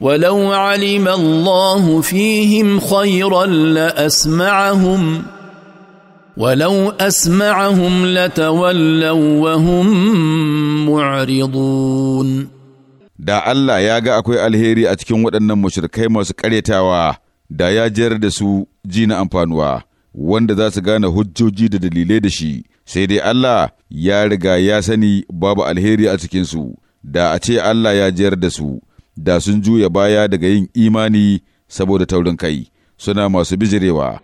ولو علم الله فيهم خيرا لاسمعهم ولو اسمعهم لتولوا وهم معرضون da Allah ya ga akwai alheri a cikin waɗannan mashirkai masu ƙaryatawa da ya jiyar da su ji na amfanuwa wanda za su gane hujjoji da dalilai da shi sai dai Allah ya riga ya sani babu alheri a cikinsu da a ce Allah ya jiyar da su da sun juya baya daga yin imani saboda taurin kai, suna masu bijirewa.